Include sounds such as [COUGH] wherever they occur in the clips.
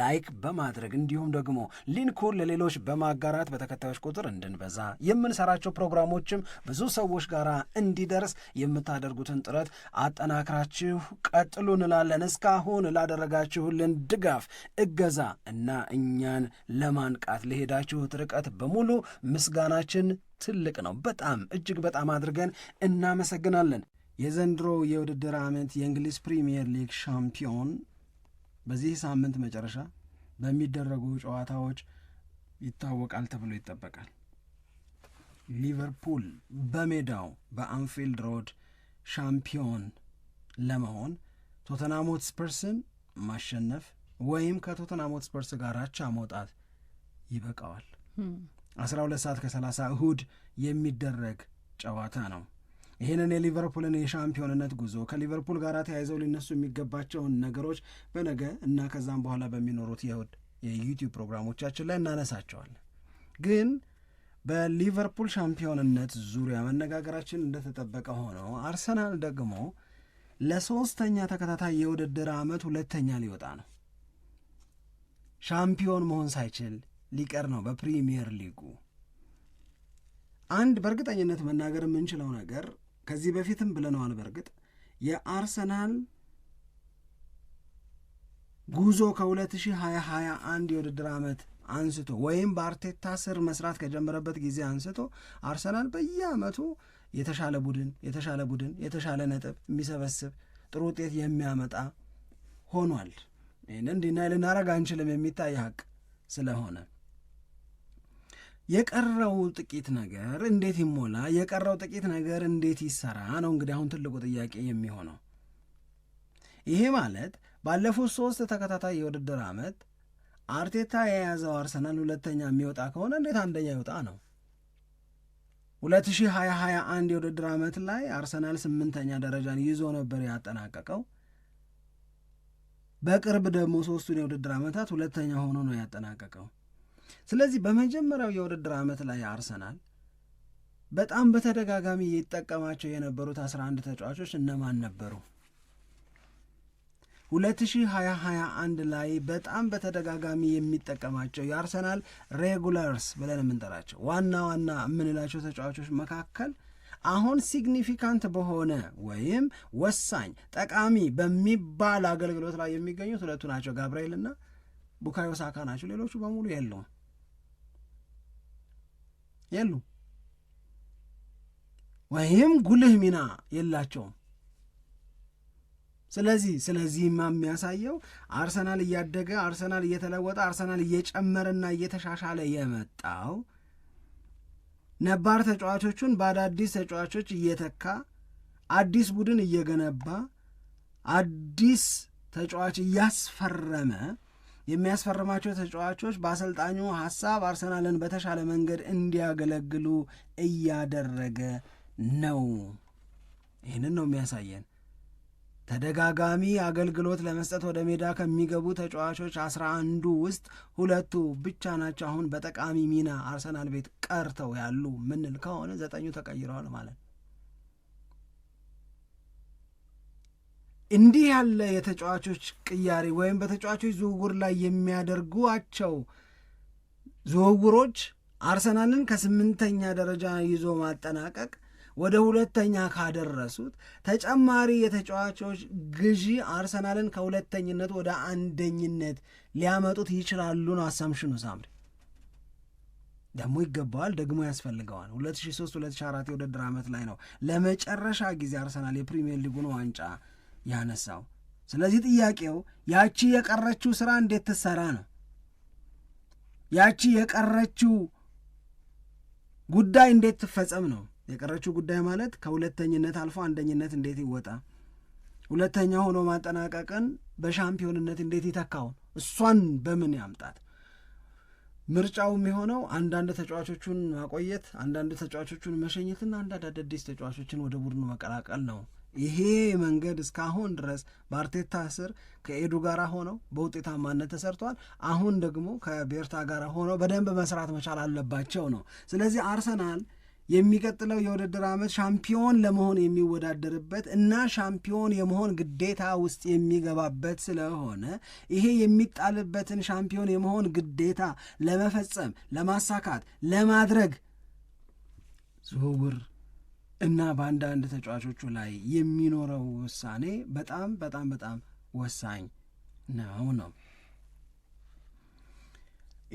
ላይክ በማድረግ እንዲሁም ደግሞ ሊንኩን ለሌሎች በማጋራት በተከታዮች ቁጥር እንድንበዛ የምንሰራቸው ፕሮግራሞችም ብዙ ሰዎች ጋር እንዲደርስ የምታደርጉትን ጥረት አጠናክራችሁ ቀጥሉ እንላለን። እስካሁን ላደረጋችሁልን ድጋፍ፣ እገዛ እና እኛን ለማንቃት ለሄዳችሁት ርቀት በሙሉ ምስጋናችን ትልቅ ነው። በጣም እጅግ በጣም አድርገን እናመሰግናለን። የዘንድሮ የውድድር ዓመት የእንግሊዝ ፕሪምየር ሊግ ሻምፒዮን በዚህ ሳምንት መጨረሻ በሚደረጉ ጨዋታዎች ይታወቃል ተብሎ ይጠበቃል። ሊቨርፑል በሜዳው በአንፊልድ ሮድ ሻምፒዮን ለመሆን ቶተንሃም ሆትስፐርስን ማሸነፍ ወይም ከቶተንሃም ሆትስፐርስ ጋር አቻ መውጣት ይበቃዋል። 12 ሰዓት ከ እሁድ የሚደረግ ጨዋታ ነው። ይህንን የሊቨርፑልን የሻምፒዮንነት ጉዞ ከሊቨርፑል ጋር ተያይዘው ሊነሱ የሚገባቸውን ነገሮች በነገ እና ከዛም በኋላ በሚኖሩት የእሁድ የዩቲዩብ ፕሮግራሞቻችን ላይ እናነሳቸዋለን። ግን በሊቨርፑል ሻምፒዮንነት ዙሪያ መነጋገራችን እንደተጠበቀ ሆኖ አርሰናል ደግሞ ለሶስተኛ ተከታታይ የውድድር ዓመት ሁለተኛ ሊወጣ ነው። ሻምፒዮን መሆን ሳይችል ሊቀር ነው በፕሪሚየር ሊጉ። አንድ በእርግጠኝነት መናገር የምንችለው ነገር ከዚህ በፊትም ብለነዋል። በእርግጥ የአርሰናል ጉዞ ከ 2021 የውድድር ዓመት አንስቶ ወይም በአርቴታ ስር መስራት ከጀመረበት ጊዜ አንስቶ አርሰናል በየዓመቱ የተሻለ ቡድን የተሻለ ቡድን የተሻለ ነጥብ የሚሰበስብ ጥሩ ውጤት የሚያመጣ ሆኗል። ይህን እንዲናይ ልናረግ አንችልም፣ የሚታይ ሀቅ ስለሆነ የቀረው ጥቂት ነገር እንዴት ይሞላ፣ የቀረው ጥቂት ነገር እንዴት ይሰራ ነው እንግዲህ አሁን ትልቁ ጥያቄ የሚሆነው። ይሄ ማለት ባለፉት ሶስት ተከታታይ የውድድር ዓመት አርቴታ የያዘው አርሰናል ሁለተኛ የሚወጣ ከሆነ እንዴት አንደኛ ይወጣ ነው? 2020 የውድድር ዓመት ላይ አርሰናል ስምንተኛ ደረጃን ይዞ ነበር ያጠናቀቀው። በቅርብ ደግሞ ሶስቱን የውድድር ዓመታት ሁለተኛ ሆኖ ነው ያጠናቀቀው። ስለዚህ በመጀመሪያው የውድድር ዓመት ላይ አርሰናል በጣም በተደጋጋሚ ይጠቀማቸው የነበሩት 11 ተጫዋቾች እነማን ነበሩ? 2021 ላይ በጣም በተደጋጋሚ የሚጠቀማቸው የአርሰናል ሬጉላርስ ብለን የምንጠራቸው ዋና ዋና የምንላቸው ተጫዋቾች መካከል አሁን ሲግኒፊካንት በሆነ ወይም ወሳኝ ጠቃሚ በሚባል አገልግሎት ላይ የሚገኙት ሁለቱ ናቸው፣ ጋብርኤልና ቡካዮ ሳካ ናቸው። ሌሎቹ በሙሉ የለውም። የሉም ወይም ጉልህ ሚና የላቸውም። ስለዚህ ስለዚህማ የሚያሳየው አርሰናል እያደገ አርሰናል እየተለወጠ አርሰናል እየጨመረና እየተሻሻለ የመጣው ነባር ተጫዋቾቹን በአዳዲስ ተጫዋቾች እየተካ አዲስ ቡድን እየገነባ አዲስ ተጫዋች እያስፈረመ የሚያስፈርማቸው ተጫዋቾች በአሰልጣኙ ሀሳብ አርሰናልን በተሻለ መንገድ እንዲያገለግሉ እያደረገ ነው። ይህንን ነው የሚያሳየን። ተደጋጋሚ አገልግሎት ለመስጠት ወደ ሜዳ ከሚገቡ ተጫዋቾች አስራ አንዱ ውስጥ ሁለቱ ብቻ ናቸው አሁን በጠቃሚ ሚና አርሰናል ቤት ቀርተው ያሉ ምንል ከሆነ ዘጠኙ ተቀይረዋል ማለት ነው። እንዲህ ያለ የተጫዋቾች ቅያሪ ወይም በተጫዋቾች ዝውውር ላይ የሚያደርጓቸው ዝውውሮች አርሰናልን ከስምንተኛ ደረጃ ይዞ ማጠናቀቅ ወደ ሁለተኛ ካደረሱት ተጨማሪ የተጫዋቾች ግዢ አርሰናልን ከሁለተኝነት ወደ አንደኝነት ሊያመጡት ይችላሉ ነው አሳምሽኑ። ሳምሪ ደግሞ ይገባዋል፣ ደግሞ ያስፈልገዋል። 2003 2004 የውድድር ዓመት ላይ ነው ለመጨረሻ ጊዜ አርሰናል የፕሪሚየር ሊጉን ዋንጫ ያነሳው። ስለዚህ ጥያቄው ያቺ የቀረችው ስራ እንዴት ትሰራ ነው። ያቺ የቀረችው ጉዳይ እንዴት ትፈጸም ነው። የቀረችው ጉዳይ ማለት ከሁለተኝነት አልፎ አንደኝነት እንዴት ይወጣ፣ ሁለተኛ ሆኖ ማጠናቀቅን በሻምፒዮንነት እንዴት ይተካው፣ እሷን በምን ያምጣት። ምርጫው የሚሆነው አንዳንድ ተጫዋቾቹን ማቆየት፣ አንዳንድ ተጫዋቾቹን መሸኘትና አንዳንድ አዳዲስ ተጫዋቾችን ወደ ቡድኑ መቀላቀል ነው። ይሄ መንገድ እስካሁን ድረስ በአርቴታ ስር ከኤዱ ጋር ሆነው በውጤታማነት ተሰርቷል። አሁን ደግሞ ከቤርታ ጋር ሆነው በደንብ መስራት መቻል አለባቸው ነው። ስለዚህ አርሰናል የሚቀጥለው የውድድር ዓመት ሻምፒዮን ለመሆን የሚወዳደርበት እና ሻምፒዮን የመሆን ግዴታ ውስጥ የሚገባበት ስለሆነ ይሄ የሚጣልበትን ሻምፒዮን የመሆን ግዴታ ለመፈጸም፣ ለማሳካት፣ ለማድረግ ዝውውር እና በአንዳንድ ተጫዋቾቹ ላይ የሚኖረው ውሳኔ በጣም በጣም በጣም ወሳኝ ነው ነው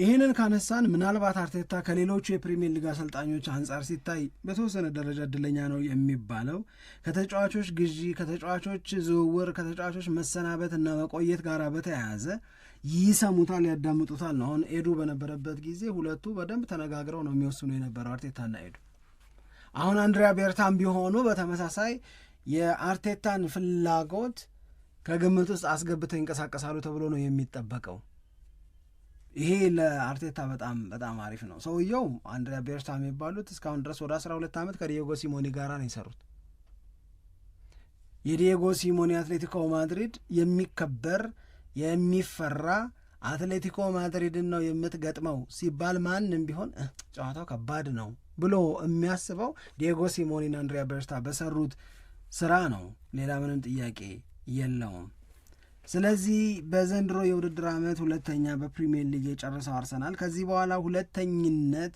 ይህንን ካነሳን ምናልባት አርቴታ ከሌሎቹ የፕሪሚየር ሊግ አሰልጣኞች አንጻር ሲታይ በተወሰነ ደረጃ እድለኛ ነው የሚባለው ከተጫዋቾች ግዢ፣ ከተጫዋቾች ዝውውር፣ ከተጫዋቾች እና መቆየት ጋር በተያያዘ ይሰሙታል፣ ያዳምጡታል ነው። አሁን ኤዱ በነበረበት ጊዜ ሁለቱ በደንብ ተነጋግረው ነው የሚወስኑ የነበረው አርቴታና ኤዱ አሁን አንድሪያ ቤርታም ቢሆኑ በተመሳሳይ የአርቴታን ፍላጎት ከግምት ውስጥ አስገብተው ይንቀሳቀሳሉ ተብሎ ነው የሚጠበቀው። ይሄ ለአርቴታ በጣም በጣም አሪፍ ነው። ሰውየው አንድሪያ ቤርታ የሚባሉት እስካሁን ድረስ ወደ አስራ ሁለት ዓመት ከዲየጎ ሲሞኒ ጋር ነው የሰሩት። የዲየጎ ሲሞኒ አትሌቲኮ ማድሪድ የሚከበር የሚፈራ አትሌቲኮ ማድሪድን ነው የምትገጥመው ሲባል ማንም ቢሆን ጨዋታው ከባድ ነው ብሎ የሚያስበው ዲየጎ ሲሞኒና አንድሪያ በርሽታ በሰሩት ስራ ነው። ሌላ ምንም ጥያቄ የለውም። ስለዚህ በዘንድሮ የውድድር ዓመት ሁለተኛ በፕሪሚየር ሊግ የጨረሰው አርሰናል ከዚህ በኋላ ሁለተኝነት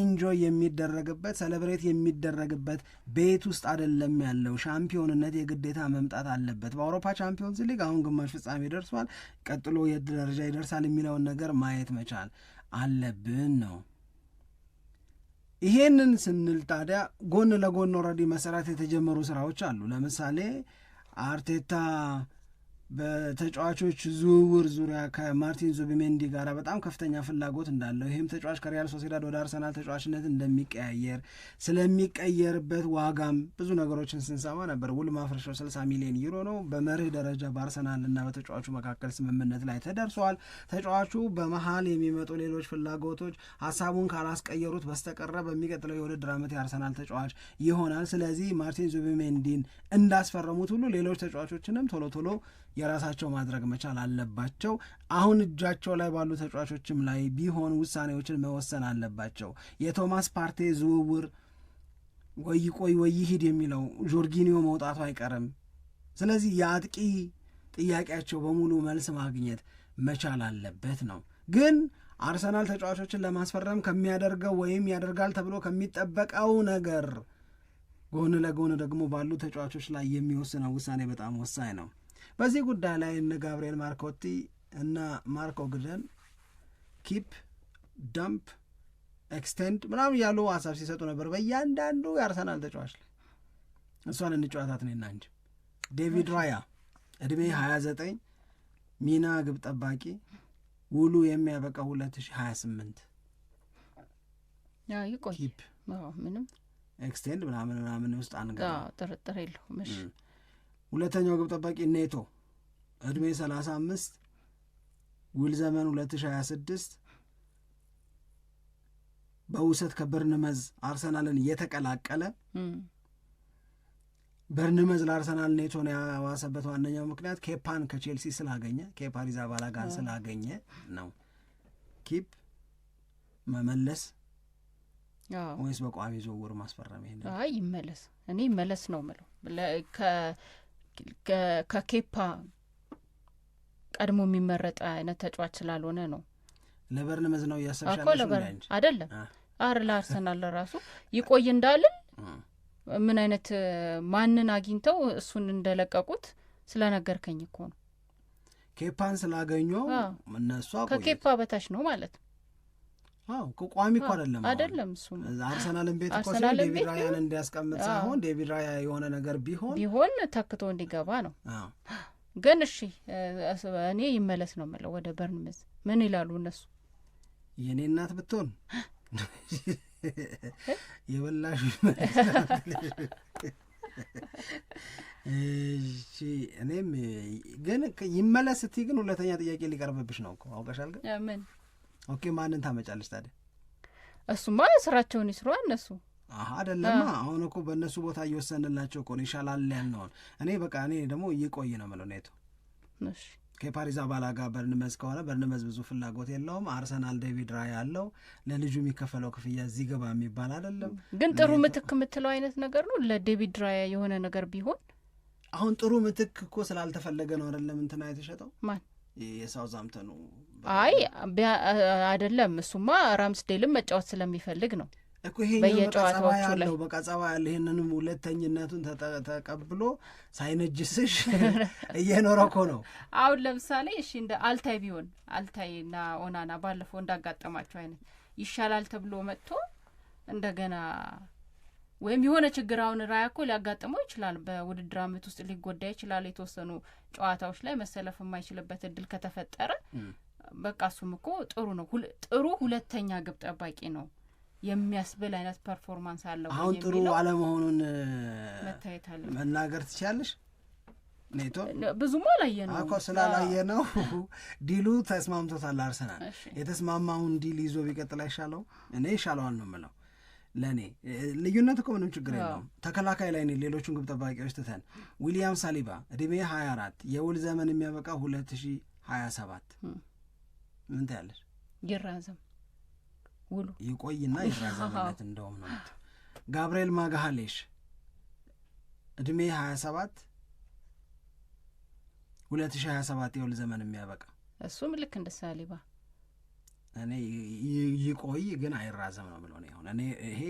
ኢንጆይ የሚደረግበት ሰለብሬት የሚደረግበት ቤት ውስጥ አይደለም ያለው። ሻምፒዮንነት የግዴታ መምጣት አለበት። በአውሮፓ ቻምፒዮንስ ሊግ አሁን ግማሽ ፍጻሜ ደርሷል፣ ቀጥሎ የት ደረጃ ይደርሳል የሚለውን ነገር ማየት መቻል አለብን ነው ይሄንን ስንል ታዲያ ጎን ለጎን ኦልሬዲ መሰራት የተጀመሩ ስራዎች አሉ። ለምሳሌ አርቴታ በተጫዋቾች ዝውውር ዙሪያ ከማርቲን ዙቢሜንዲ ጋር በጣም ከፍተኛ ፍላጎት እንዳለው ይህም ተጫዋች ከሪያል ሶሴዳድ ወደ አርሰናል ተጫዋችነት እንደሚቀያየር ስለሚቀየርበት ዋጋም ብዙ ነገሮችን ስንሰማ ነበር። ውል ማፍረሻው 60 ሚሊዮን ዩሮ ነው። በመርህ ደረጃ በአርሰናል እና በተጫዋቹ መካከል ስምምነት ላይ ተደርሷል። ተጫዋቹ በመሀል የሚመጡ ሌሎች ፍላጎቶች ሀሳቡን ካላስቀየሩት በስተቀረ በሚቀጥለው የውድድር ዓመት የአርሰናል ተጫዋች ይሆናል። ስለዚህ ማርቲን ዙቢሜንዲን እንዳስፈረሙት ሁሉ ሌሎች ተጫዋቾችንም ቶሎ ቶሎ የራሳቸው ማድረግ መቻል አለባቸው። አሁን እጃቸው ላይ ባሉ ተጫዋቾችም ላይ ቢሆን ውሳኔዎችን መወሰን አለባቸው። የቶማስ ፓርቴ ዝውውር ወይ ቆይ ወይ ይሂድ የሚለው ጆርጊኒዮ መውጣቱ አይቀርም። ስለዚህ የአጥቂ ጥያቄያቸው በሙሉ መልስ ማግኘት መቻል አለበት ነው ግን አርሰናል ተጫዋቾችን ለማስፈረም ከሚያደርገው ወይም ያደርጋል ተብሎ ከሚጠበቀው ነገር ጎን ለጎን ደግሞ ባሉ ተጫዋቾች ላይ የሚወስነው ውሳኔ በጣም ወሳኝ ነው። በዚህ ጉዳይ ላይ እነ ጋብርኤል ማርኮቲ እና ማርኮ ግደን ኪፕ ዳምፕ ኤክስቴንድ ምናምን ያሉ ሀሳብ ሲሰጡ ነበር። በእያንዳንዱ ያርሰናል ተጫዋች ላይ እሷን እንጨዋታት ነው ና እንጂ ዴቪድ ራያ እድሜ 29 ሚና ግብ ጠባቂ ውሉ የሚያበቃው 2028 ይቆይ ምንም ኤክስቴንድ ምናምን ምናምን ውስጥ አንገባ ጥርጥር የለውም። ሁለተኛው ግብ ጠባቂ ኔቶ ዕድሜ 35 ውል ዘመን 2026 በውሰት ከበርንመዝ አርሰናልን እየተቀላቀለ በርንመዝ ለአርሰናል ኔቶን ያዋሰበት ዋነኛው ምክንያት ኬፓን ከቼልሲ ስላገኘ ኬፓ አሪዛባላጋን ስላገኘ ነው። ኪፕ መመለስ ወይስ በቋሚ ዝውውር ማስፈረም? ይሄ ይመለስ፣ እኔ ይመለስ ነው ምለው ከኬፓ ቀድሞ የሚመረጥ አይነት ተጫዋች ስላልሆነ ነው። ለመዝ ነው እያሰብሻለሽ? አይደለም አር ለአርሰናል ለራሱ ይቆይ እንዳልን ምን አይነት ማንን አግኝተው እሱን እንደለቀቁት ስለነገርከኝ እኮ ነው። ኬፓን ስላገኘው እነሱ ከኬፓ በታች ነው ማለት ነው። ቋሚ እኮ አይደለም አይደለም። እሱም አርሰናልን ቤት እኮ ሲሆን ዴቪድ ራያን እንዲያስቀምጥ ሳይሆን ዴቪድ ራያ የሆነ ነገር ቢሆን ቢሆን ተክቶ እንዲገባ ነው። ግን እሺ እኔ ይመለስ ነው የምለው ወደ በርንምዝ። ምን ይላሉ እነሱ? የእኔ እናት ብትሆን የበላሹ እሺ እኔም ግን ይመለስ ስቲ ግን ሁለተኛ ጥያቄ ሊቀርብብሽ ነው እኮ አውቀሻል ግን ምን ኦኬ ማንን ታመጫለች ታዲያ? እሱማ ስራቸውን ይስሩ እነሱ አደለማ። አሁን እኮ በእነሱ ቦታ እየወሰንላቸው እኮ ነው ይሻላል ያልነውን እኔ በቃ እኔ ደግሞ እየቆይ ነው የምለው ኔቶ ከፓሪዝ አባላ ጋር በርንመዝ ከሆነ በርንመዝ ብዙ ፍላጎት የለውም። አርሰናል ዴቪድ ራይ ያለው ለልጁ የሚከፈለው ክፍያ እዚህ ገባ የሚባል አደለም። ግን ጥሩ ምትክ የምትለው አይነት ነገር ነው ለዴቪድ ራያ የሆነ ነገር ቢሆን አሁን ጥሩ ምትክ እኮ ስላልተፈለገ ነው አደለም እንትና የተሸጠው ማን የሳውዛምተኑ አይ አይደለም። እሱማ ራምስዴልም መጫወት ስለሚፈልግ ነው እኮ በየጨዋታዎቹ ላይ በቃ ጸባይ ያለው ይህንንም ሁለተኝነቱን ተቀብሎ ሳይነጅስሽ [LAUGHS] እየኖረ እኮ ነው። አሁን ለምሳሌ እሺ እንደ አልታይ ቢሆን አልታይ ና ኦናና ባለፈው እንዳጋጠማቸው አይነት ይሻላል ተብሎ መጥቶ እንደገና ወይም የሆነ ችግር አሁን ራያ እኮ ሊያጋጥመው ይችላል። በውድድር አመት ውስጥ ሊጎዳ ይችላል። የተወሰኑ ጨዋታዎች ላይ መሰለፍ የማይችልበት እድል ከተፈጠረ በቃ እሱም እኮ ጥሩ ነው። ጥሩ ሁለተኛ ግብ ጠባቂ ነው የሚያስብል አይነት ፐርፎርማንስ አለው። አሁን ጥሩ አለመሆኑን መታየት አለ መናገር ትችላለሽ። ኔቶ ብዙም አላየ ነው እኮ ስላላየ ነው ዲሉ ተስማምቶታል። አርሰናል የተስማማውን ዲል ይዞ ቢቀጥል አይሻለው? እኔ ይሻለዋል ነው የምለው ለእኔ ልዩነት እኮ ምንም ችግር የለውም። ተከላካይ ላይ ሌሎቹን ግብ ጠባቂዎች ትተን ዊሊያም ሳሊባ እድሜ 24 የውል ዘመን የሚያበቃ 2027 ምን ትያለሽ? ይራዘም ውሉ ይቆይና ይራዘምለት እንደውም ነው። ጋብርኤል ማጋሃሌሽ እድሜ 27 2027 የውል ዘመን የሚያበቃ እሱም ልክ እንደ ሳሊባ እኔ ይቆይ ግን አይራዘም ነው ብሎ ነው። እኔ ይሄ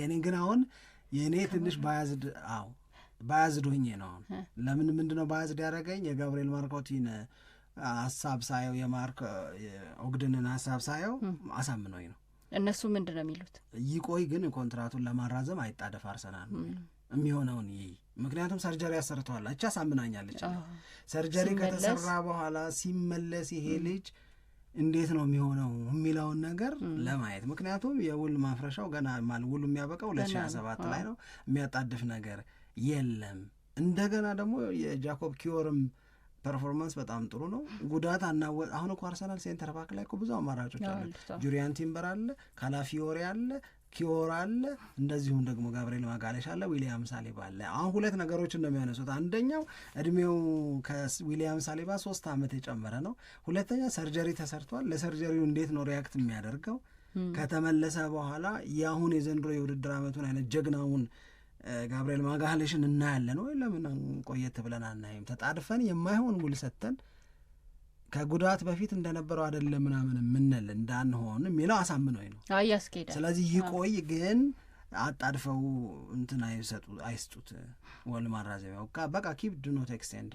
የኔ ግን አሁን የእኔ ትንሽ ባያዝድ አዎ ባያዝድ ሆኜ ነው። አሁን ለምን ምንድነው ባያዝድ ያደረገኝ የጋብርኤል ማርኮቲን ሀሳብ ሳየው የማርክ ኦግድንን ሀሳብ ሳየው አሳምነኝ ነው። እነሱ ምንድን ነው የሚሉት? ይቆይ ግን ኮንትራቱን ለማራዘም አይጣደፍ አርሰናል ነው የሚሆነውን ይህ ምክንያቱም ሰርጀሪ ያሰርተዋል። እቻ አሳምናኛለች። ሰርጀሪ ከተሰራ በኋላ ሲመለስ ይሄ ልጅ እንዴት ነው የሚሆነው የሚለውን ነገር ለማየት ምክንያቱም የውል ማፍረሻው ገና ውሉ የሚያበቃው ሰባት ላይ ነው። የሚያጣድፍ ነገር የለም። እንደገና ደግሞ የጃኮብ ኪዮርም ፐርፎርማንስ በጣም ጥሩ ነው። ጉዳት አናወ አሁን እኮ አርሰናል ሴንተር ባክ ላይ እኮ ብዙ አማራጮች አሉ። ጁሪያን ቲምበር አለ፣ ካላፊዮሪ አለ፣ ኪዮር አለ፣ እንደዚሁም ደግሞ ጋብርኤል ማጋለሽ አለ፣ ዊሊያም ሳሌባ አለ። አሁን ሁለት ነገሮች እንደሚያነሱት አንደኛው እድሜው ከዊሊያም ሳሌባ ሶስት ዓመት የጨመረ ነው። ሁለተኛ ሰርጀሪ ተሰርቷል። ለሰርጀሪው እንዴት ነው ሪያክት የሚያደርገው ከተመለሰ በኋላ የአሁን የዘንድሮ የውድድር ዓመቱን አይነት ጀግናውን ጋብርኤል ማጋለሽን እናያለን ወይ? ለምን ቆየት ብለን አናይም? ተጣድፈን የማይሆን ውል ሰጥተን ከጉዳት በፊት እንደነበረው አይደለም ምናምን የምንል እንዳንሆን የሚለው አሳምነኝ ነው። ስለዚህ ይቆይ ግን አጣድፈው እንትን አይሰጡ አይስጡት ወል ማራዘሚያው በቃ ኪፕ ዱ ኖት ኤክስቴንድ።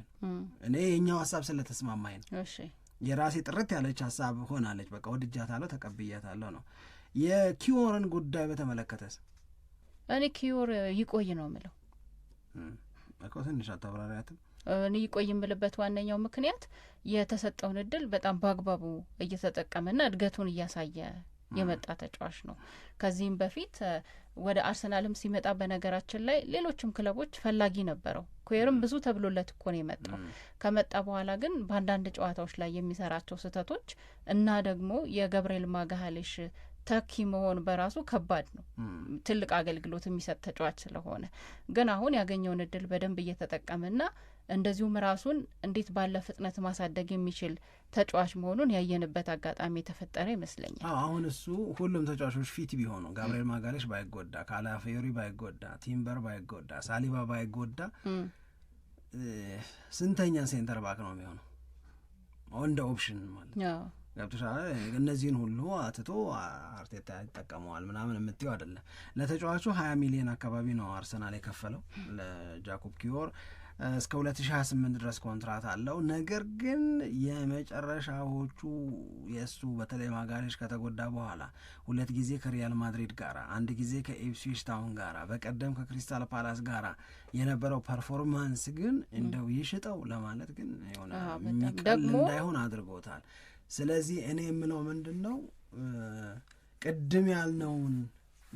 እኔ የኛው ሀሳብ ስለተስማማኝ ነው የራሴ ጥርት ያለች ሀሳብ ሆናለች። በቃ ወድጃታለሁ፣ ተቀብያታለሁ ነው። የኪዮርን ጉዳይ በተመለከተስ እኔ ኪዮር ይቆይ ነው የምለው። ትንሽ አታብራሪያትም ይቆይ የምልበት ዋነኛው ምክንያት የተሰጠውን እድል በጣም በአግባቡ እየተጠቀመና እድገቱን እያሳየ የመጣ ተጫዋች ነው። ከዚህም በፊት ወደ አርሰናልም ሲመጣ በነገራችን ላይ ሌሎችም ክለቦች ፈላጊ ነበረው። ኩዌርም ብዙ ተብሎለት እኮ ነው የመጣው። ከመጣ በኋላ ግን በአንዳንድ ጨዋታዎች ላይ የሚሰራቸው ስህተቶች እና ደግሞ የገብርኤል ማጋሃሌሽ ተኪ መሆን በራሱ ከባድ ነው። ትልቅ አገልግሎት የሚሰጥ ተጫዋች ስለሆነ ግን አሁን ያገኘውን እድል በደንብ እየተጠቀመና እንደዚሁም ራሱን እንዴት ባለ ፍጥነት ማሳደግ የሚችል ተጫዋች መሆኑን ያየንበት አጋጣሚ የተፈጠረ ይመስለኛል። አሁን እሱ ሁሉም ተጫዋቾች ፊት ቢሆኑ ጋብርኤል ማጋሌሽ ባይጎዳ፣ ካላፊዮሪ ባይጎዳ፣ ቲምበር ባይጎዳ፣ ሳሊባ ባይጎዳ ስንተኛ ሴንተር ባክ ነው የሚሆነው እንደ ኦፕሽን ማለት ገብቶሻል። እነዚህን ሁሉ አትቶ አርቴታ ይጠቀመዋል ምናምን የምትየው አይደለም። ለተጫዋቹ ሀያ ሚሊዮን አካባቢ ነው አርሰናል የከፈለው ለጃኮብ ኪዮር እስከ 2028 ድረስ ኮንትራት አለው። ነገር ግን የመጨረሻዎቹ የእሱ በተለይ ማጋሪሽ ከተጎዳ በኋላ ሁለት ጊዜ ከሪያል ማድሪድ ጋራ፣ አንድ ጊዜ ከኢፕስዊች ታውን ጋራ፣ በቀደም ከክሪስታል ፓላስ ጋራ የነበረው ፐርፎርማንስ ግን እንደው ይሽጠው ለማለት ግን የሆነ የሚቀል እንዳይሆን አድርጎታል። ስለዚህ እኔ የምለው ምንድን ነው ቅድም ያልነውን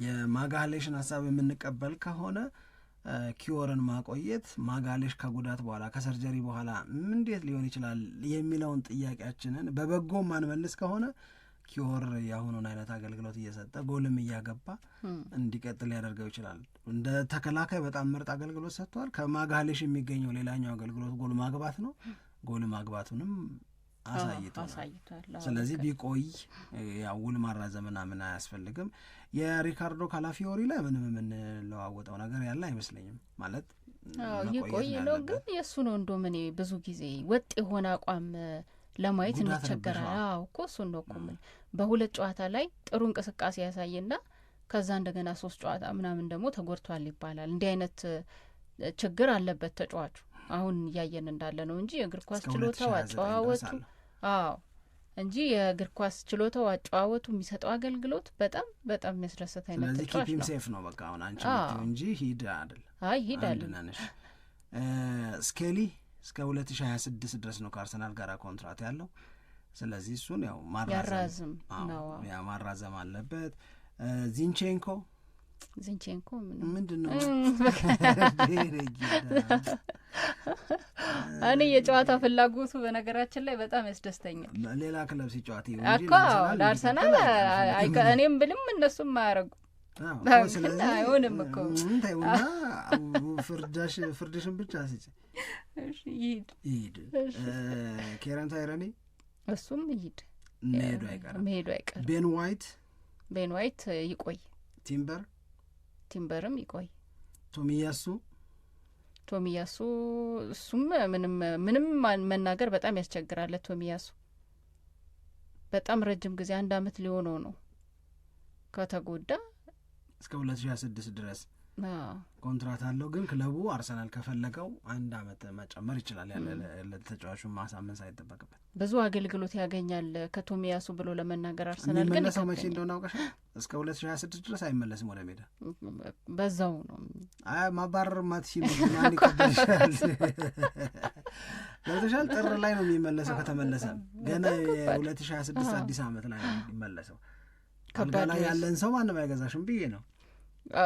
የማጋሌሽን ሀሳብ የምንቀበል ከሆነ ኪዮርን ማቆየት ማጋሌሽ ከጉዳት በኋላ ከሰርጀሪ በኋላ እንዴት ሊሆን ይችላል የሚለውን ጥያቄያችንን በበጎ ማንመልስ ከሆነ ኪዮር የአሁኑን አይነት አገልግሎት እየሰጠ ጎልም እያገባ እንዲቀጥል ሊያደርገው ይችላል። እንደ ተከላካይ በጣም ምርጥ አገልግሎት ሰጥቷል። ከማጋሌሽ የሚገኘው ሌላኛው አገልግሎት ጎል ማግባት ነው። ጎል ማግባቱንም አሳይቷል። ስለዚህ ቢቆይ ያው ውል ማራዘም ምናምን አያስፈልግም። የሪካርዶ ካላፊዮሪ ላይ ምንም የምንለዋወጠው ነገር ያለ አይመስለኝም። ማለት ይቆይ ነው፣ ግን የእሱ ነው እንዶ ምን ብዙ ጊዜ ወጥ የሆነ አቋም ለማየት እንቸገራለን። አዎ እኮ እሱ ነው እኮ ምን በሁለት ጨዋታ ላይ ጥሩ እንቅስቃሴ ያሳይና ከዛ እንደገና ሶስት ጨዋታ ምናምን ደግሞ ተጎድቷል ይባላል። እንዲህ አይነት ችግር አለበት ተጫዋቹ አሁን እያየን እንዳለ ነው እንጂ የእግር ኳስ ችሎታው አጨዋወቱ አዎ እንጂ የእግር ኳስ ችሎታው አጨዋወቱ የሚሰጠው አገልግሎት በጣም በጣም የሚያስደሰት አይነት ተጫዋች ነው። ሴፍ ነው በቃ አሁን አንቺ እንጂ ሂድ አይደል? አይ ሂድ አለናነሽ ስኬሊ እስከ ሁለት ሺ ሀያ ስድስት ድረስ ነው ከአርሰናል ጋር ኮንትራት ያለው። ስለዚህ እሱን ያው ማራዘም ነው ማራዘም አለበት ዚንቼንኮ ዝንቼንኮ ምንድን ነው እኔ የጨዋታ ፍላጎቱ በነገራችን ላይ በጣም ያስደስተኛል። ሌላ ክለብ ሲጫወት እኮ ለአርሰናል እኔም ብልም እነሱም አያረጉ አይሆንም እኮ ታይና ፍርዳሽ ፍርድሽን ብቻ ስጭ ይሂድ ይሂድ። ኬረን ታይረኒ እሱም ይሂድ መሄዱ አይቀርም መሄዱ አይቀርም። ቤን ዋይት ቤን ዋይት ይቆይ ቲምበር ቲምበርም ይቆይ። ቶሚያሱ ቶሚያሱ እሱም ምንም ምንም መናገር በጣም ያስቸግራል። ቶሚያሱ በጣም ረጅም ጊዜ አንድ አመት ሊሆነው ነው ከተጎዳ እስከ ሁለት ሺ ሀያ ስድስት ድረስ ኮንትራት አለው። ግን ክለቡ አርሰናል ከፈለገው አንድ አመት መጨመር ይችላል፣ ያለ ተጫዋቹን ማሳመን ሳይጠበቅበት ብዙ አገልግሎት ያገኛል ከቶሚያሱ ብሎ ለመናገር አርሰናል ግን ሰው መቼ እንደሆነ እስከ ሁለት ሺ ሀያ ስድስት ድረስ አይመለስም ወደ ሜዳ። በዛው ነው ማባረር ማትሲ ይቀበልሻል ለተሻል ጥር ላይ ነው የሚመለሰው። ከተመለሰ ገና የሁለት ሺ ሀያ ስድስት አዲስ አመት ላይ ነው የሚመለሰው። አልጋ ላይ ያለን ሰው ማንም አይገዛሽም ብዬ ነው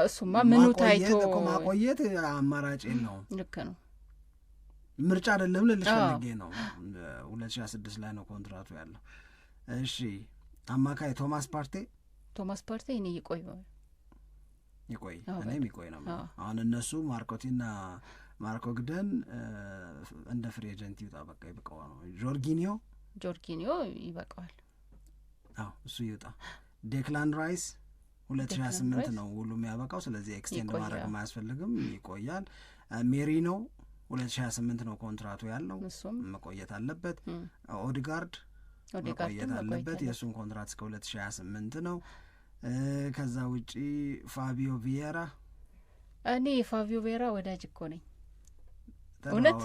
እሱማ ምኑ ታይቶ ማቆየት አማራጭ ነው። ልክ ነው። ምርጫ አይደለም ልልሽ ፈልጌ ነው። ሁለት ሺህ ስድስት ላይ ነው ኮንትራቱ ያለው። እሺ አማካይ ቶማስ ፓርቴ ቶማስ ፓርቴ እኔ ይቆይ ይቆይ እኔም ይቆይ ነው። አሁን እነሱ ማርኮቲና ማርኮ ግደን እንደ ፍሬ ኤጀንት ይውጣ፣ በቃ ይበቃዋ ነው። ጆርጊኒዮ ጆርጊኒዮ ይበቀዋል። አዎ እሱ ይውጣ። ዴክላን ራይስ ሁለት ሺህ ሀያ ስምንት ነው ሁሉ የሚያበቃው። ስለዚህ ኤክስቴንድ ማድረግ አያስፈልግም፣ ይቆያል። ሜሪኖ ሁለት ሺህ ሀያ ስምንት ነው ኮንትራቱ ያለው፣ መቆየት አለበት። ኦድጋርድ መቆየት አለበት፣ የእሱም ኮንትራት እስከ ሁለት ሀያ ስምንት ነው። ከዛ ውጪ ፋቢዮ ቪየራ እኔ የፋቢዮ ቪየራ ወዳጅ እኮ ነኝ እውነት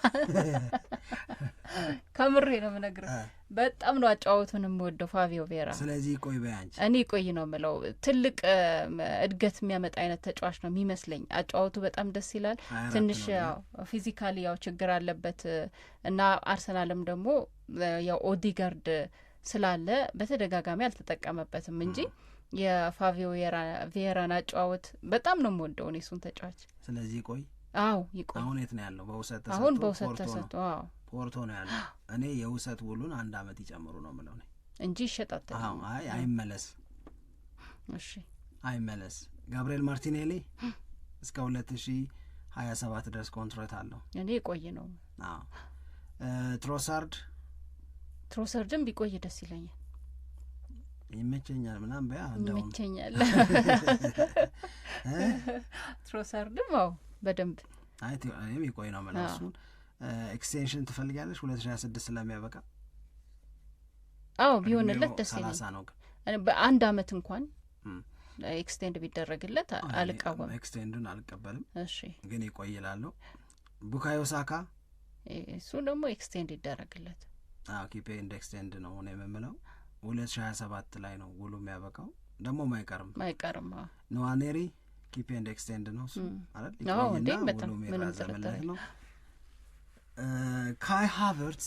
[LAUGHS] ከምሬ ነው የምነግርህ። በጣም ነው አጫወቱን የምወደው ፋቢዮ ቬራ። ስለዚህ ቆይ በይ እኔ ቆይ ነው የምለው። ትልቅ እድገት የሚያመጣ አይነት ተጫዋች ነው የሚመስለኝ። አጫወቱ በጣም ደስ ይላል። ትንሽ ፊዚካሊ ያው ችግር አለበት እና አርሰናልም ደግሞ ያው ኦዲጋርድ ስላለ በተደጋጋሚ አልተጠቀመበትም እንጂ የፋቪዮ ቬራን አጫዋወት በጣም ነው የምወደው እኔ እሱን ተጫዋች። ስለዚህ ቆይ አዎ ይቆይ። አሁን የት ነው ያለው? በውሰት ተሰጥቶ አሁን በውሰት ተሰጥቶ አዎ ፖርቶ ነው ያለው። እኔ የውሰት ውሉን አንድ አመት ይጨምሩ ነው የምለው እኔ እንጂ ይሸጣል። አይ አይመለስ፣ እሺ አይመለስ። ጋብርኤል ማርቲኔሊ እስከ ሁለት ሺ ሀያ ሰባት ድረስ ኮንትራት አለው። እኔ ቆይ ነው። አዎ ትሮሳርድ ትሮሳርድም ቢቆይ ደስ ይለኛል። ይመቸኛል ምናምን በያ ይመቸኛል [LAUGHS] ትሮሳርድም አዎ በደንብ ቆይ ነው መላሱን ኤክስቴንሽን ትፈልጊያለሽ? ሁለት ሺ ሀያ ስድስት ስለሚያበቃ አዎ ቢሆንለት ደስ ይለኛል ነው ግን በአንድ አመት እንኳን ኤክስቴንድ ቢደረግለት አልቃወም። ኤክስቴንዱን አልቀበልም። እሺ ግን ይቆይ ቡካዮ ሳካ እሱ ደግሞ ኤክስቴንድ ይደረግለት። ኪፔ እንደ ኤክስቴንድ ነው ሆነ የምምለው ሁለት ሺ ሀያ ሰባት ላይ ነው ውሉ የሚያበቃው ደግሞ ማይቀርም ማይቀርም ነዋኔሪ ኪፕ ኤንድ ኤክስቴንድ ነው እሱ አይደል? ይቆይና ምንም ጥርጥር ነው። ካይ ሃቨርት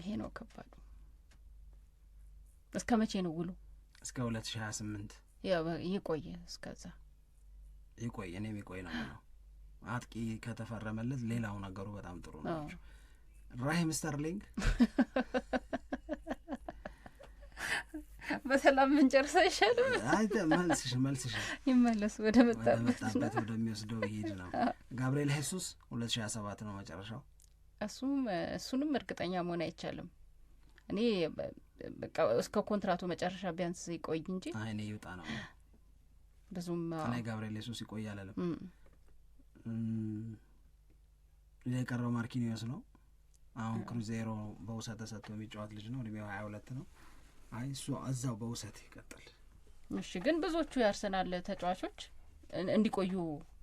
ይሄ ነው ከባዱ። እስከ መቼ ነው ውሉ? እስከ ሁለት ሺ ሀያ ስምንት ይቆይ። እስከዛ ይቆይ፣ እኔም ይቆይ ነው ነው አጥቂ ከተፈረመለት ሌላው ነገሩ በጣም ጥሩ ናቸው። ራሂም ስተርሊንግ [LAUGHS] በሰላም ምንጨርስ አይሻልም? መልስሽ መልስሽ ይመለስ ወደ መጣበት ወደሚወስደው ይሄድ ነው። ጋብርኤል ሄሱስ ሁለት ሺ ሀያ ሰባት ነው መጨረሻው። እሱም እሱንም እርግጠኛ መሆን አይቻልም። እኔ በቃ እስከ ኮንትራቱ መጨረሻ ቢያንስ ይቆይ እንጂ እኔ ይውጣ ነው ብዙም እኔ ጋብርኤል ሄሱስ ይቆይ አላለም። የቀረው ማርኪኒዮስ ነው። አሁን ክሩዜሮ በውሰት ተሰጥቶ የሚጫወት ልጅ ነው። እድሜው ሀያ ሁለት ነው። አይ እሱ እዛው በውሰት ይቀጥል። እሺ፣ ግን ብዙዎቹ የአርሰናል ተጫዋቾች እንዲቆዩ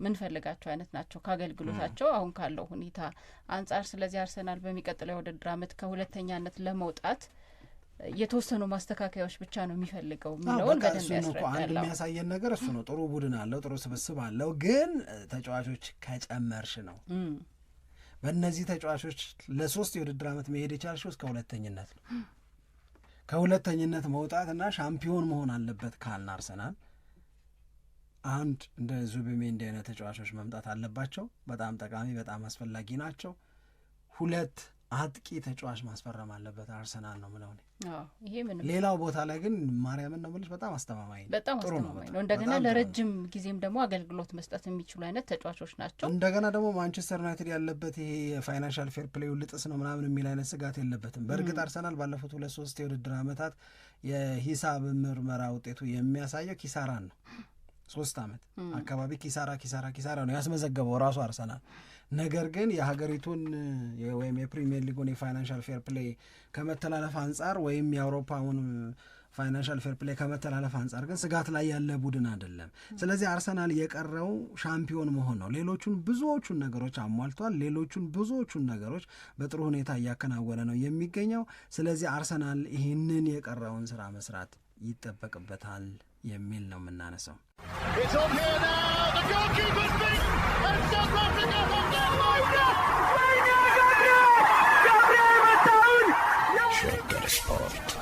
ምንፈልጋቸው አይነት ናቸው ከአገልግሎታቸው አሁን ካለው ሁኔታ አንጻር። ስለዚህ አርሰናል በሚቀጥለው የውድድር አመት ከሁለተኛነት ለመውጣት የተወሰኑ ማስተካከያዎች ብቻ ነው የሚፈልገው የሚለውን በደንብ ያስረዳል። አንድ የሚያሳየን ነገር እሱ ነው። ጥሩ ቡድን አለው፣ ጥሩ ስብስብ አለው። ግን ተጫዋቾች ከጨመርሽ ነው። በእነዚህ ተጫዋቾች ለሶስት የውድድር አመት መሄድ የቻልሽው እስከ ሁለተኝነት ነው። ከሁለተኝነት መውጣትና ሻምፒዮን መሆን አለበት ካልን አርሰናል አንድ እንደ ዙቢሜንዲ አይነት ተጫዋቾች መምጣት አለባቸው። በጣም ጠቃሚ፣ በጣም አስፈላጊ ናቸው። ሁለት አጥቂ ተጫዋች ማስፈረም አለበት አርሰናል ነው ምለው። ሌላው ቦታ ላይ ግን ማርያምን ነው ምልሽ በጣም አስተማማኝ በጣም አስተማማኝ ነው። እንደገና ለረጅም ጊዜም ደግሞ አገልግሎት መስጠት የሚችሉ አይነት ተጫዋቾች ናቸው። እንደገና ደግሞ ማንቸስተር ዩናይትድ ያለበት ይሄ የፋይናንሻል ፌር ፕሌዩ ልጥስ ነው ምናምን የሚል አይነት ስጋት የለበትም። በእርግጥ አርሰናል ባለፉት ሁለት ሶስት የውድድር ዓመታት የሂሳብ ምርመራ ውጤቱ የሚያሳየው ኪሳራን ነው። ሶስት ዓመት አካባቢ ኪሳራ ኪሳራ ኪሳራ ነው ያስመዘገበው ራሱ አርሰናል ነገር ግን የሀገሪቱን ወይም የፕሪሚየር ሊጉን የፋይናንሻል ፌር ፕሌይ ከመተላለፍ አንጻር ወይም የአውሮፓውን ፋይናንሻል ፌር ፕሌይ ከመተላለፍ አንጻር ግን ስጋት ላይ ያለ ቡድን አይደለም። ስለዚህ አርሰናል የቀረው ሻምፒዮን መሆን ነው። ሌሎቹን ብዙዎቹን ነገሮች አሟልቷል። ሌሎቹን ብዙዎቹን ነገሮች በጥሩ ሁኔታ እያከናወነ ነው የሚገኘው። ስለዚህ አርሰናል ይህንን የቀረውን ስራ መስራት ይጠበቅበታል። የሚል ነው የምናነሳው። ሸገር ስፖርት